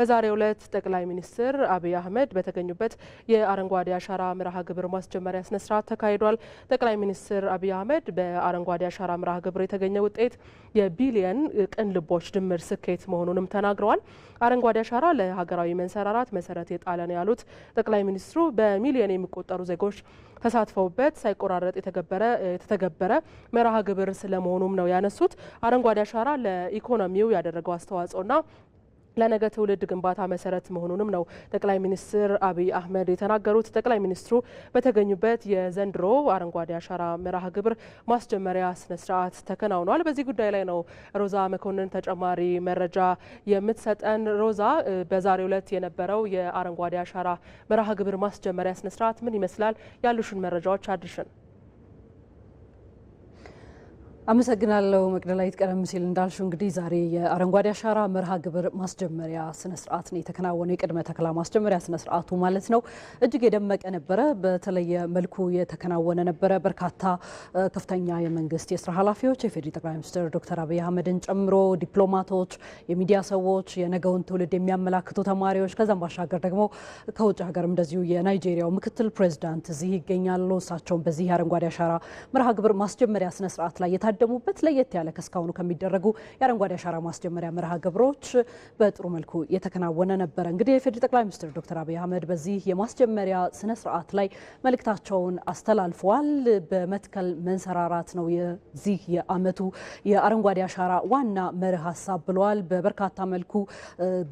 በዛሬው ዕለት ጠቅላይ ሚኒስትር አብይ አህመድ በተገኙበት የአረንጓዴ አሻራ መርሃ ግብር ማስጀመሪያ ስነስርዓት ተካሂዷል። ጠቅላይ ሚኒስትር አብይ አህመድ በአረንጓዴ አሻራ መርሃ ግብር የተገኘ ውጤት የቢሊየን ቅን ልቦች ድምር ስኬት መሆኑንም ተናግረዋል። አረንጓዴ አሻራ ለሀገራዊ መንሰራራት መሰረት የጣለ ነው ያሉት ጠቅላይ ሚኒስትሩ በሚሊየን የሚቆጠሩ ዜጎች ተሳትፈውበት ሳይቆራረጥ የተተገበረ መርሃ ግብር ስለመሆኑም ነው ያነሱት። አረንጓዴ አሻራ ለኢኮኖሚው ያደረገው አስተዋጽኦና ለነገ ትውልድ ግንባታ መሰረት መሆኑንም ነው ጠቅላይ ሚኒስትር አብይ አህመድ የተናገሩት። ጠቅላይ ሚኒስትሩ በተገኙበት የዘንድሮ አረንጓዴ አሻራ መርሃ ግብር ማስጀመሪያ ስነ ስርዓት ተከናውኗል። በዚህ ጉዳይ ላይ ነው ሮዛ መኮንን ተጨማሪ መረጃ የምትሰጠን። ሮዛ፣ በዛሬው ዕለት የነበረው የአረንጓዴ አሻራ መርሃ ግብር ማስጀመሪያ ስነ ስርዓት ምን ይመስላል? ያሉሽን መረጃዎች አድርሽን። አመሰግናለሁ መቅደላዊት። ቀደም ሲል እንዳልሹ እንግዲህ ዛሬ የአረንጓዴ አሻራ መርሃ ግብር ማስጀመሪያ ስነስርዓት ነው የተከናወነው። የቅድመ ተከላ ማስጀመሪያ ስነስርዓቱ ማለት ነው። እጅግ የደመቀ ነበረ፣ በተለየ መልኩ የተከናወነ ነበረ። በርካታ ከፍተኛ የመንግስት የስራ ኃላፊዎች የፌዴሪ ጠቅላይ ሚኒስትር ዶክተር አብይ አህመድን ጨምሮ ዲፕሎማቶች፣ የሚዲያ ሰዎች፣ የነገውን ትውልድ የሚያመላክቱ ተማሪዎች፣ ከዛም ባሻገር ደግሞ ከውጭ ሀገር እንደዚሁ የናይጄሪያው ምክትል ፕሬዚዳንት እዚህ ይገኛሉ። እሳቸውን በዚህ የአረንጓዴ አሻራ መርሃ ግብር ማስጀመሪያ ስነስርዓት ላይ ያደሙበት ለየት ያለ ከእስካሁኑ ከሚደረጉ የአረንጓዴ አሻራ ማስጀመሪያ መርሃ ግብሮች በጥሩ መልኩ የተከናወነ ነበረ። እንግዲህ የፌዴሪ ጠቅላይ ሚኒስትር ዶክተር አብይ አህመድ በዚህ የማስጀመሪያ ስነ ስርዓት ላይ መልእክታቸውን አስተላልፈዋል። በመትከል መንሰራራት ነው የዚህ የአመቱ የአረንጓዴ አሻራ ዋና መርህ ሀሳብ ብለዋል። በበርካታ መልኩ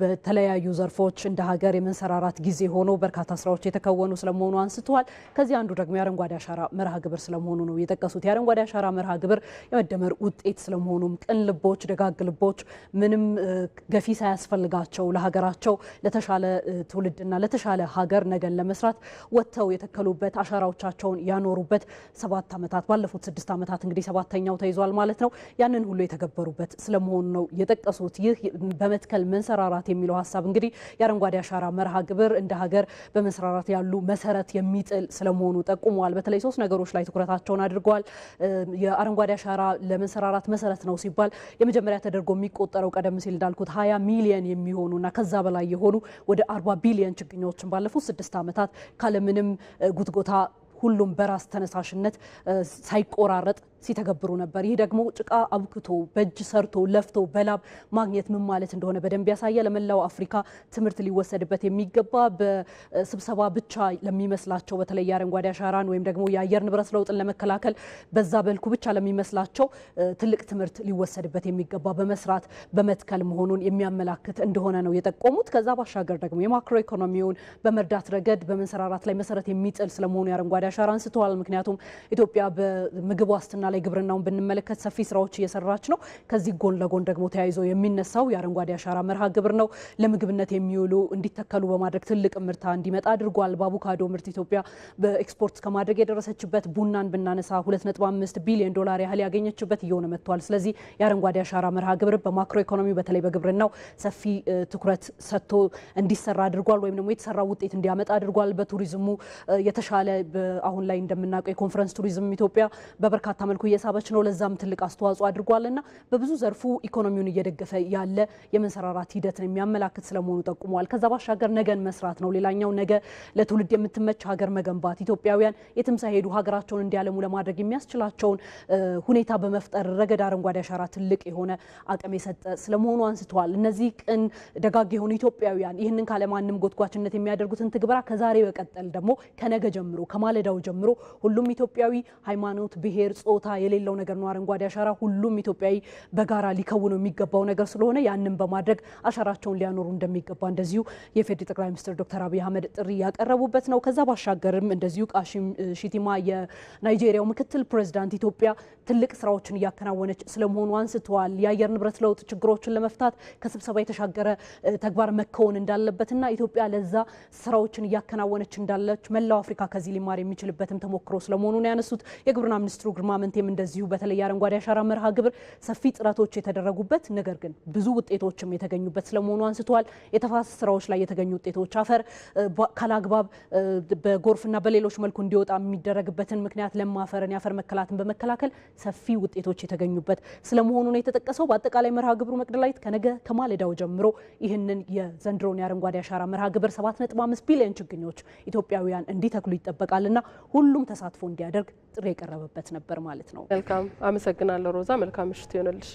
በተለያዩ ዘርፎች እንደ ሀገር የመንሰራራት ጊዜ ሆኖ በርካታ ስራዎች የተከወኑ ስለመሆኑ አንስተዋል። ከዚህ አንዱ ደግሞ የአረንጓዴ አሻራ መርሃ ግብር ስለመሆኑ ነው የጠቀሱት። የአረንጓዴ አሻራ መርሃ ግብር መደመር ውጤት ስለመሆኑም ቅን ልቦች፣ ደጋግ ልቦች ምንም ገፊ ሳያስፈልጋቸው ለሀገራቸው ለተሻለ ትውልድና ለተሻለ ሀገር ነገን ለመስራት ወጥተው የተከሉበት አሻራዎቻቸውን ያኖሩበት ሰባት ዓመታት ባለፉት ስድስት ዓመታት እንግዲህ ሰባተኛው ተይዟል ማለት ነው። ያንን ሁሉ የተገበሩበት ስለመሆኑ ነው የጠቀሱት። ይህ በመትከል መንሰራራት የሚለው ሀሳብ እንግዲህ የአረንጓዴ አሻራ መርሃ ግብር እንደ ሀገር በመንሰራራት ያሉ መሰረት የሚጥል ስለመሆኑ ጠቁመዋል። በተለይ ሶስት ነገሮች ላይ ትኩረታቸውን አድርገዋል። የአረንጓዴ አሻራ ለመሰራራት መሰረት ነው ሲባል የመጀመሪያ ተደርጎ የሚቆጠረው ቀደም ሲል እንዳልኩት 20 ሚሊየን የሚሆኑና ከዛ በላይ የሆኑ ወደ 40 ቢሊየን ችግኞችን ባለፉት ስድስት ዓመታት ካለምንም ጉትጎታ ሁሉም በራስ ተነሳሽነት ሳይቆራረጥ ሲተገብሩ ነበር። ይህ ደግሞ ጭቃ አብክቶ በእጅ ሰርቶ ለፍቶ በላብ ማግኘት ምን ማለት እንደሆነ በደንብ ያሳያል ለመላው አፍሪካ ትምህርት ሊወሰድበት የሚገባ በስብሰባ ብቻ ለሚመስላቸው በተለይ የአረንጓዴ አሻራን ወይም ደግሞ የአየር ንብረት ለውጥን ለመከላከል በዛ በልኩ ብቻ ለሚመስላቸው ትልቅ ትምህርት ሊወሰድበት የሚገባ በመስራት በመትከል መሆኑን የሚያመላክት እንደሆነ ነው የጠቆሙት። ከዛ ባሻገር ደግሞ የማክሮ ኢኮኖሚውን በመርዳት ረገድ በመንሰራራት ላይ መሰረት የሚጥል ስለመሆኑ የአረንጓዴ አሻራ አንስተዋል። ምክንያቱም ኢትዮጵያ በምግብ ዋስትና ላይ ግብርናውን ብንመለከት ሰፊ ስራዎች እየሰራች ነው። ከዚህ ጎን ለጎን ደግሞ ተያይዞ የሚነሳው የአረንጓዴ አሻራ መርሃ ግብር ነው። ለምግብነት የሚውሉ እንዲተከሉ በማድረግ ትልቅ ምርታ እንዲመጣ አድርጓል። በአቮካዶ ምርት ኢትዮጵያ በኤክስፖርት ከማድረግ የደረሰችበት ቡናን ብናነሳ 2.5 ቢሊዮን ዶላር ያህል ያገኘችበት እየሆነ መጥቷል። ስለዚህ የአረንጓዴ አሻራ መርሃ ግብር በማክሮ ኢኮኖሚ በተለይ በግብርናው ሰፊ ትኩረት ሰጥቶ እንዲሰራ አድርጓል፣ ወይም ደግሞ የተሰራ ውጤት እንዲያመጣ አድርጓል። በቱሪዝሙ የተሻለ አሁን ላይ እንደምናውቀው የኮንፈረንስ ቱሪዝም ኢትዮጵያ በበርካታ መልኩ መልኩ እየሳበች ነው። ለዛም ትልቅ አስተዋጽኦ አድርጓልና በብዙ ዘርፉ ኢኮኖሚውን እየደገፈ ያለ የመንሰራራት ሂደትን የሚያመላክት ስለመሆኑ ጠቁመዋል። ከዛ ባሻገር ነገን መስራት ነው ሌላኛው። ነገ ለትውልድ የምትመች ሀገር መገንባት ኢትዮጵያውያን የትም ሳይሄዱ ሀገራቸውን እንዲያለሙ ለማድረግ የሚያስችላቸውን ሁኔታ በመፍጠር ረገድ አረንጓዴ አሻራ ትልቅ የሆነ አቅም የሰጠ ስለመሆኑ አንስተዋል። እነዚህ ቅን ደጋግ የሆኑ ኢትዮጵያውያን ይህንን ካለማንም ጎትጓችነት የሚያደርጉትን ትግበራ ከዛሬ በቀጠል ደግሞ ከነገ ጀምሮ ከማለዳው ጀምሮ ሁሉም ኢትዮጵያዊ ሃይማኖት፣ ብሔር፣ ጾታ ቦታ የሌለው ነገር ነው። አረንጓዴ አሻራ ሁሉም ኢትዮጵያዊ በጋራ ሊከውነው የሚገባው ነገር ስለሆነ ያንን በማድረግ አሻራቸውን ሊያኖሩ እንደሚገባ እንደዚሁ የፌዴራል ጠቅላይ ሚኒስትር ዶክተር አብይ አህመድ ጥሪ ያቀረቡበት ነው። ከዛ ባሻገርም እንደዚሁ ቃሽም ሺቲማ የናይጄሪያው ምክትል ፕሬዚዳንት ኢትዮጵያ ትልቅ ስራዎችን እያከናወነች ስለመሆኑ አንስተዋል። የአየር ንብረት ለውጥ ችግሮችን ለመፍታት ከስብሰባ የተሻገረ ተግባር መከወን እንዳለበትና ኢትዮጵያ ለዛ ስራዎችን እያከናወነች እንዳለች መላው አፍሪካ ከዚህ ሊማር የሚችልበትም ተሞክሮ ስለመሆኑ ነው ያነሱት። የግብርና ሚኒስትሩ ግርማ መንቴ ኮሚቴም እንደዚሁ በተለይ አረንጓዴ አሻራ መርሃ ግብር ሰፊ ጥረቶች የተደረጉበት ነገር ግን ብዙ ውጤቶችም የተገኙበት ስለመሆኑ አንስተዋል። የተፋሰስ ስራዎች ላይ የተገኙ ውጤቶች አፈር ካላግባብ በጎርፍና በሌሎች መልኩ እንዲወጣ የሚደረግበትን ምክንያት ለም አፈርን የአፈር መከላትን በመከላከል ሰፊ ውጤቶች የተገኙበት ስለመሆኑ ነው የተጠቀሰው። በአጠቃላይ መርሃ ግብሩ መቅደላዊት ከነገ ከማለዳው ጀምሮ ይህንን የዘንድሮን የአረንጓዴ አሻራ መርሃ ግብር 7.5 ቢሊዮን ችግኞች ኢትዮጵያውያን እንዲተክሉ ይጠበቃልና ሁሉም ተሳትፎ እንዲያደርግ ጥሪ የቀረበበት ነበር ማለት ነው። ማለት ነው። መልካም አመሰግናለሁ ሮዛ። መልካም ምሽት ይሆንልሽ።